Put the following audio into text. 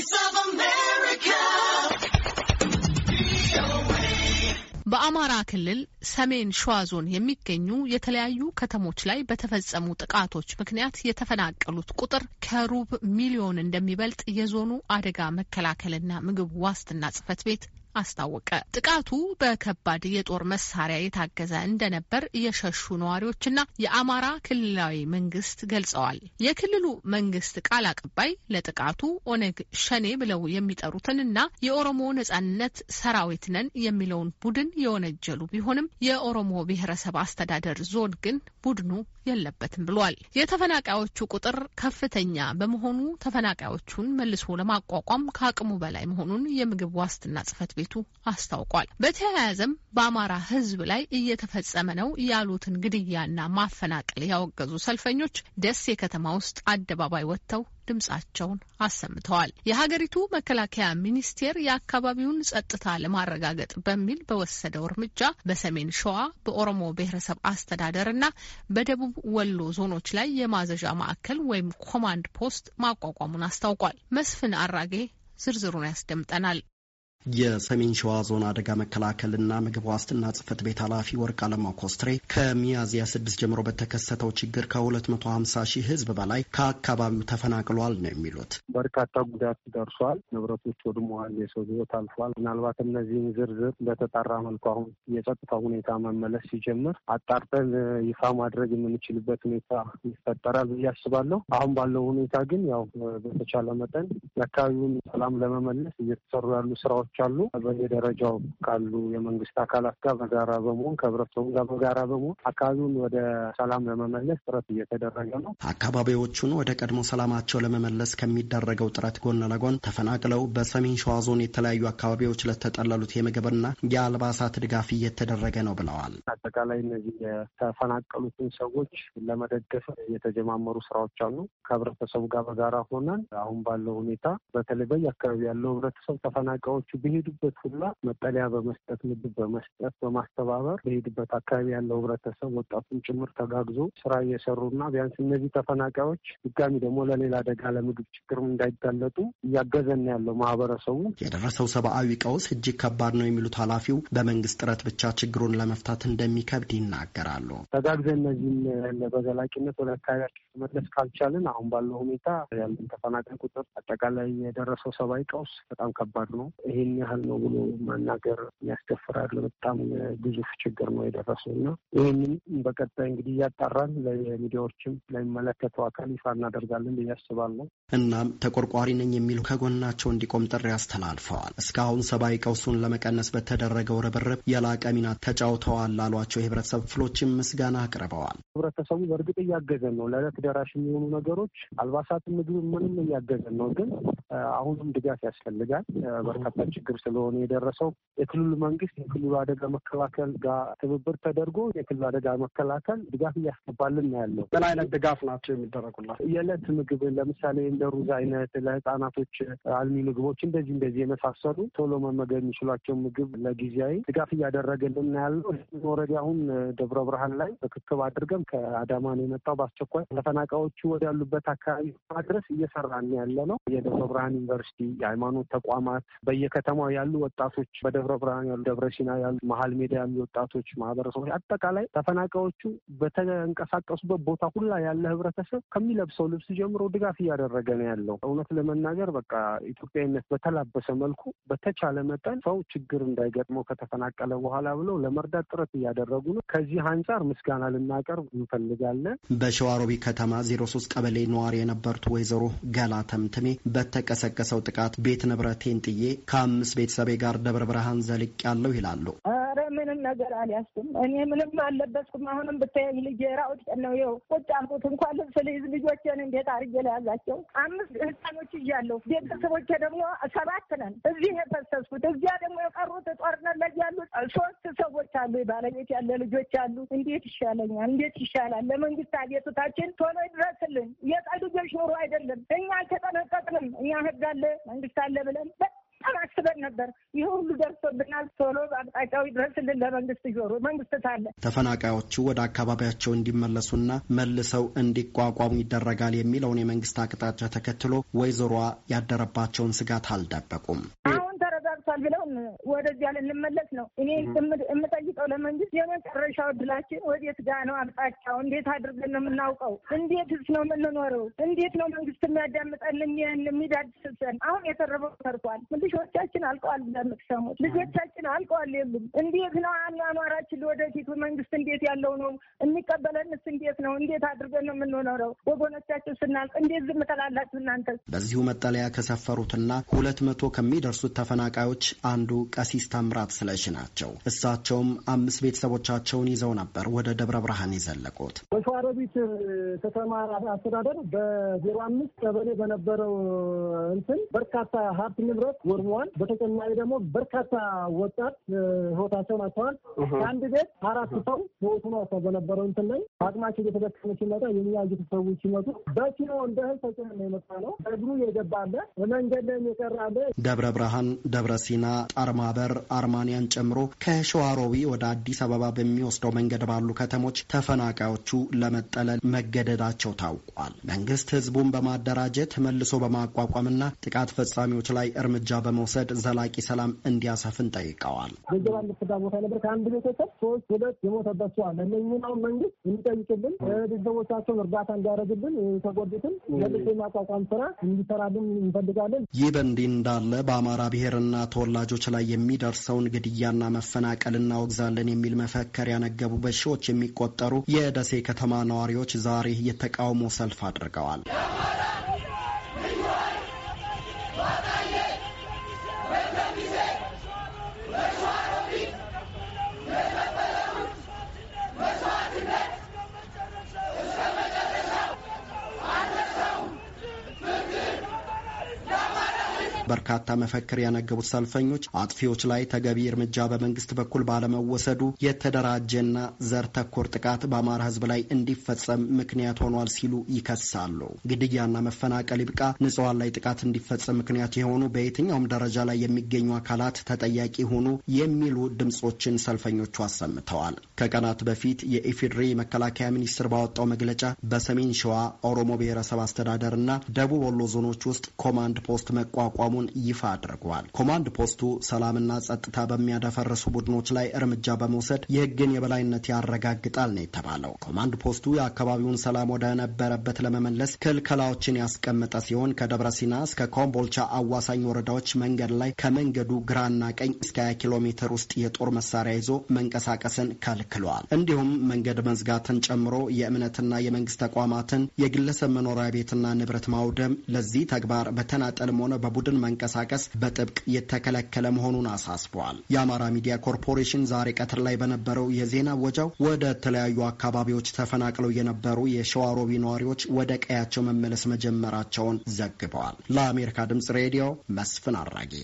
Voice of America. በአማራ ክልል ሰሜን ሸዋ ዞን የሚገኙ የተለያዩ ከተሞች ላይ በተፈጸሙ ጥቃቶች ምክንያት የተፈናቀሉት ቁጥር ከሩብ ሚሊዮን እንደሚበልጥ የዞኑ አደጋ መከላከልና ምግብ ዋስትና ጽሕፈት ቤት አስታወቀ። ጥቃቱ በከባድ የጦር መሳሪያ የታገዘ እንደነበር የሸሹ ነዋሪዎችና የአማራ ክልላዊ መንግስት ገልጸዋል። የክልሉ መንግስት ቃል አቀባይ ለጥቃቱ ኦነግ ሸኔ ብለው የሚጠሩትንና የኦሮሞ ነጻነት ሰራዊት ነን የሚለውን ቡድን የወነጀሉ ቢሆንም የኦሮሞ ብሔረሰብ አስተዳደር ዞን ግን ቡድኑ የለበትም ብሏል። የተፈናቃዮቹ ቁጥር ከፍተኛ በመሆኑ ተፈናቃዮቹን መልሶ ለማቋቋም ከአቅሙ በላይ መሆኑን የምግብ ዋስትና ጽህፈት ቤቱ አስታውቋል። በተያያዘም በአማራ ሕዝብ ላይ እየተፈጸመ ነው ያሉትን ግድያና ማፈናቀል ያወገዙ ሰልፈኞች ደሴ ከተማ ውስጥ አደባባይ ወጥተው ድምጻቸውን አሰምተዋል። የሀገሪቱ መከላከያ ሚኒስቴር የአካባቢውን ጸጥታ ለማረጋገጥ በሚል በወሰደው እርምጃ በሰሜን ሸዋ በኦሮሞ ብሔረሰብ አስተዳደር እና በደቡብ ወሎ ዞኖች ላይ የማዘዣ ማዕከል ወይም ኮማንድ ፖስት ማቋቋሙን አስታውቋል። መስፍን አራጌ ዝርዝሩን ያስደምጠናል። የሰሜን ሸዋ ዞን አደጋ መከላከልና ምግብ ዋስትና ጽህፈት ቤት ኃላፊ ወርቅ አለማው ኮስትሬ ከሚያዝያ ስድስት ጀምሮ በተከሰተው ችግር ከ250 ሺህ ህዝብ በላይ ከአካባቢው ተፈናቅሏል ነው የሚሉት። በርካታ ጉዳት ደርሷል፣ ንብረቶች ወድመዋል፣ የሰው ህይወት አልፏል። ምናልባት እነዚህን ዝርዝር በተጣራ መልኩ አሁን የጸጥታ ሁኔታ መመለስ ሲጀምር አጣርተን ይፋ ማድረግ የምንችልበት ሁኔታ ይፈጠራል ብዬ አስባለሁ። አሁን ባለው ሁኔታ ግን ያው በተቻለ መጠን የአካባቢውን ሰላም ለመመለስ እየተሰሩ ያሉ ስራዎች አሰራሮች አሉ። በየደረጃው ካሉ የመንግስት አካላት ጋር በጋራ በመሆን ከህብረተሰቡ ጋር በጋራ በመሆን አካባቢውን ወደ ሰላም ለመመለስ ጥረት እየተደረገ ነው። አካባቢዎቹን ወደ ቀድሞ ሰላማቸው ለመመለስ ከሚደረገው ጥረት ጎን ለጎን ተፈናቅለው በሰሜን ሸዋ ዞን የተለያዩ አካባቢዎች ለተጠለሉት የምግብና የአልባሳት ድጋፍ እየተደረገ ነው ብለዋል። አጠቃላይ እነዚህ የተፈናቀሉትን ሰዎች ለመደገፍ የተጀማመሩ ስራዎች አሉ። ከህብረተሰቡ ጋር በጋራ ሆነን አሁን ባለው ሁኔታ በተለይ በየአካባቢ ያለው ህብረተሰብ ተፈናቃዮቹ በሄዱበት ሁላ መጠለያ በመስጠት ምግብ በመስጠት በማስተባበር በሄዱበት አካባቢ ያለው ህብረተሰብ ወጣቱን ጭምር ተጋግዞ ስራ እየሰሩና ቢያንስ እነዚህ ተፈናቃዮች ድጋሚ ደግሞ ለሌላ አደጋ ለምግብ ችግር እንዳይጋለጡ እያገዘን ያለው ማህበረሰቡ። የደረሰው ሰብአዊ ቀውስ እጅግ ከባድ ነው የሚሉት ኃላፊው በመንግስት ጥረት ብቻ ችግሩን ለመፍታት እንደሚከብድ ይናገራሉ። ተጋግዘን እነዚህም በዘላቂነት ወደ አካባቢያቸው መለስ ካልቻልን አሁን ባለው ሁኔታ ያለን ተፈናቃይ ቁጥር አጠቃላይ የደረሰው ሰብአዊ ቀውስ በጣም ከባድ ነው። ይህን ይህን ያህል ነው ብሎ መናገር ያስደፍራል። በጣም ግዙፍ ችግር ነው የደረሰው እና ይህንን በቀጣይ እንግዲህ እያጣራን ለሚዲያዎችም ለሚመለከተው አካል ይፋ እናደርጋለን ብዬ አስባለሁ። እናም ተቆርቋሪ ነኝ የሚሉ ከጎናቸው እንዲቆም ጥሪ አስተላልፈዋል። እስካሁን ሰብአዊ ቀውሱን ለመቀነስ በተደረገው ርብርብ የላቀ ሚና ተጫውተዋል ላሏቸው የህብረተሰብ ክፍሎችም ምስጋና አቅርበዋል። ህብረተሰቡ በእርግጥ እያገዘን ነው። ለዕለት ደራሽ የሚሆኑ ነገሮች አልባሳት፣ ምግብ፣ ምንም እያገዘን ነው። ግን አሁንም ድጋፍ ያስፈልጋል። በርካታ ችግር ስለሆነ የደረሰው የክልሉ መንግስት የክልሉ አደጋ መከላከል ጋር ትብብር ተደርጎ የክልሉ አደጋ መከላከል ድጋፍ እያስገባልን ያለው። ምን አይነት ድጋፍ ናቸው የሚደረጉላት? የዕለት ምግብ ለምሳሌ እንደ ሩዝ አይነት ለህፃናቶች አልሚ ምግቦች እንደዚህ እንደዚህ የመሳሰሉ ቶሎ መመገብ የሚችሏቸው ምግብ ለጊዜያዊ ድጋፍ እያደረገልን ያለው። ኦልሬዲ አሁን ደብረ ብርሃን ላይ ምክክብ አድርገን ከአዳማ ነው የመጣው በአስቸኳይ ተፈናቃዮቹ ወዳሉበት አካባቢ ማድረስ እየሰራን ያለ ነው። የደብረ ብርሃን ዩኒቨርሲቲ፣ የሃይማኖት ተቋማት በየከተ ከተማ ያሉ ወጣቶች፣ በደብረ ብርሃን ያሉ፣ ደብረ ሲና ያሉ፣ መሀል ሜዳ ያሉ ወጣቶች ማህበረሰቦች፣ አጠቃላይ ተፈናቃዮቹ በተንቀሳቀሱበት ቦታ ሁላ ያለ ህብረተሰብ ከሚለብሰው ልብስ ጀምሮ ድጋፍ እያደረገ ነው ያለው። እውነት ለመናገር በቃ ኢትዮጵያዊነት በተላበሰ መልኩ በተቻለ መጠን ሰው ችግር እንዳይገጥመው ከተፈናቀለ በኋላ ብለው ለመርዳት ጥረት እያደረጉ ነው። ከዚህ አንጻር ምስጋና ልናቀርብ እንፈልጋለን። በሸዋሮቢ ከተማ ዜሮ ሶስት ቀበሌ ነዋሪ የነበሩት ወይዘሮ ገላ ተምትሜ በተቀሰቀሰው ጥቃት ቤት ንብረቴን ጥዬ ከአምስት ቤተሰቤ ጋር ደብረ ብርሃን ዘልቅ ያለው ይላሉ። አረ ምንም ነገር አልያዝኩም እኔ ምንም አልለበስኩም። አሁንም ብታየኝ ልጄ ራውጥ ነው ይኸው ቁጭ አልኩት። እንኳን ልብስ ልይዝ ልጆቼን እንዴት አድርጌ ለያዛቸው አምስት ህፃኖች እያለሁ ቤተሰቦቼ ደግሞ ሰባት ነን። እዚህ የፈሰስኩት እዚያ ደግሞ የቀሩት ጦርነት ላይ ያሉት ሶስት ሰዎች አሉ። ባለቤት ያለ ልጆች አሉ። እንዴት ይሻለኛል? እንዴት ይሻላል? ለመንግስት አቤቱታችን ቶሎ ይድረስልን። የቀዱ ልጆች ኑሮ አይደለም እኛ አልተጠነቀቅንም። እኛ ህግ አለ መንግስት አለ ብለን በጣም አስበን ነበር። ይህ ሁሉ ደርሶብናል። ቶሎ አቅጣጫው ይድረስልን ለመንግስት ጆሮ። መንግስት ታለ ተፈናቃዮቹ ወደ አካባቢያቸው እንዲመለሱና መልሰው እንዲቋቋሙ ይደረጋል የሚለውን የመንግስት አቅጣጫ ተከትሎ ወይዘሮዋ ያደረባቸውን ስጋት አልደበቁም። አሁን ወደዚያ ልንመለስ ነው። እኔ የምጠይቀው ለመንግስት የመጨረሻው እድላችን ወዴት ጋ ነው? አቅጣጫው እንዴት አድርገን ነው የምናውቀው? እንዴትስ ነው የምንኖረው? እንዴት ነው መንግስት የሚያዳምጠን የሚዳድስሰን? አሁን የተረፈው ተርፏል። ልጆቻችን አልቀዋል። ለምትሰሙት ልጆቻችን አልቀዋል፣ የሉም። እንዴት ነው አኗኗራችን? ወደፊቱ መንግስት እንዴት ያለው ነው የሚቀበለንስ? እንዴት ነው እንዴት አድርገን ነው የምንኖረው? ወገኖቻችን ስናልቅ እንዴት ዝም ትላላችሁ እናንተ? በዚሁ መጠለያ ከሰፈሩትና ሁለት መቶ ከሚደርሱት ተፈናቃዮች አ አንዱ ቀሲስ ታምራት ስለሽ ናቸው። እሳቸውም አምስት ቤተሰቦቻቸውን ይዘው ነበር ወደ ደብረ ብርሃን የዘለቁት። በሸዋሮቢት ከተማ አስተዳደር በዜሮ አምስት ቀበሌ በነበረው እንትን በርካታ ሀብት ንብረት ወድመዋል። በተጨማሪ ደግሞ በርካታ ወጣት ህይወታቸውን አጥተዋል። አንድ ቤት አራት ሰው ህይወቱን አጥተው በነበረው እንትን ላይ አቅማቸው እየተደከመ ሲመጣ የኛ እየተሰዉ ሲመጡ በኪኖ እንደ እህል የመጣ ነው። እግሩ የገባለ መንገድ ላይ የቀራለ ደብረ ብርሃን፣ ደብረ ሲና፣ የአጣር ማህበር አርማንያን ጨምሮ ከሸዋሮቢ ወደ አዲስ አበባ በሚወስደው መንገድ ባሉ ከተሞች ተፈናቃዮቹ ለመጠለል መገደዳቸው ታውቋል። መንግስት ህዝቡን በማደራጀት መልሶ በማቋቋምና ጥቃት ፈጻሚዎች ላይ እርምጃ በመውሰድ ዘላቂ ሰላም እንዲያሰፍን ጠይቀዋል። ገንዘብ አንድስዳ ቦታ ነበር ከአንድ ቤተሰብ ሶስት ሁለት የሞተባቸው አለ። መንግስት እንጠይቅልን፣ ቤተሰቦቻቸውን እርዳታ እንዲያደርግልን፣ የተጎዱትን መልሶ የማቋቋም ስራ እንዲሰራልን እንፈልጋለን። ይህ በእንዲህ እንዳለ በአማራ ብሔርና ተወላጆች በዜጎች ላይ የሚደርሰውን ግድያና መፈናቀል እናወግዛለን የሚል መፈክር ያነገቡ በሺዎች የሚቆጠሩ የደሴ ከተማ ነዋሪዎች ዛሬ የተቃውሞ ሰልፍ አድርገዋል። በርካታ መፈክር ያነገቡት ሰልፈኞች አጥፊዎች ላይ ተገቢ እርምጃ በመንግስት በኩል ባለመወሰዱ የተደራጀና ዘር ተኮር ጥቃት በአማራ ህዝብ ላይ እንዲፈጸም ምክንያት ሆኗል ሲሉ ይከሳሉ። ግድያና መፈናቀል ይብቃ፣ ንጹሐን ላይ ጥቃት እንዲፈጸም ምክንያት የሆኑ በየትኛውም ደረጃ ላይ የሚገኙ አካላት ተጠያቂ ሆኑ የሚሉ ድምጾችን ሰልፈኞቹ አሰምተዋል። ከቀናት በፊት የኢፌዴሪ መከላከያ ሚኒስቴር ባወጣው መግለጫ በሰሜን ሸዋ ኦሮሞ ብሔረሰብ አስተዳደርና ደቡብ ወሎ ዞኖች ውስጥ ኮማንድ ፖስት መቋቋሙ መሆኑን ይፋ አድርጓል። ኮማንድ ፖስቱ ሰላምና ጸጥታ በሚያደፈርሱ ቡድኖች ላይ እርምጃ በመውሰድ የህግን የበላይነት ያረጋግጣል ነው የተባለው። ኮማንድ ፖስቱ የአካባቢውን ሰላም ወደ ነበረበት ለመመለስ ክልከላዎችን ያስቀመጠ ሲሆን ከደብረ ሲና እስከ ኮምቦልቻ አዋሳኝ ወረዳዎች መንገድ ላይ ከመንገዱ ግራና ቀኝ እስከ 20 ኪሎ ሜትር ውስጥ የጦር መሳሪያ ይዞ መንቀሳቀስን ከልክሏል። እንዲሁም መንገድ መዝጋትን ጨምሮ የእምነትና የመንግስት ተቋማትን የግለሰብ መኖሪያ ቤትና ንብረት ማውደም፣ ለዚህ ተግባር በተናጠልም ሆነ በቡድን መንቀሳቀስ በጥብቅ የተከለከለ መሆኑን አሳስበዋል። የአማራ ሚዲያ ኮርፖሬሽን ዛሬ ቀትር ላይ በነበረው የዜና ወጃው ወደ ተለያዩ አካባቢዎች ተፈናቅለው የነበሩ የሸዋሮቢ ነዋሪዎች ወደ ቀያቸው መመለስ መጀመራቸውን ዘግበዋል። ለአሜሪካ ድምጽ ሬዲዮ መስፍን አራጌ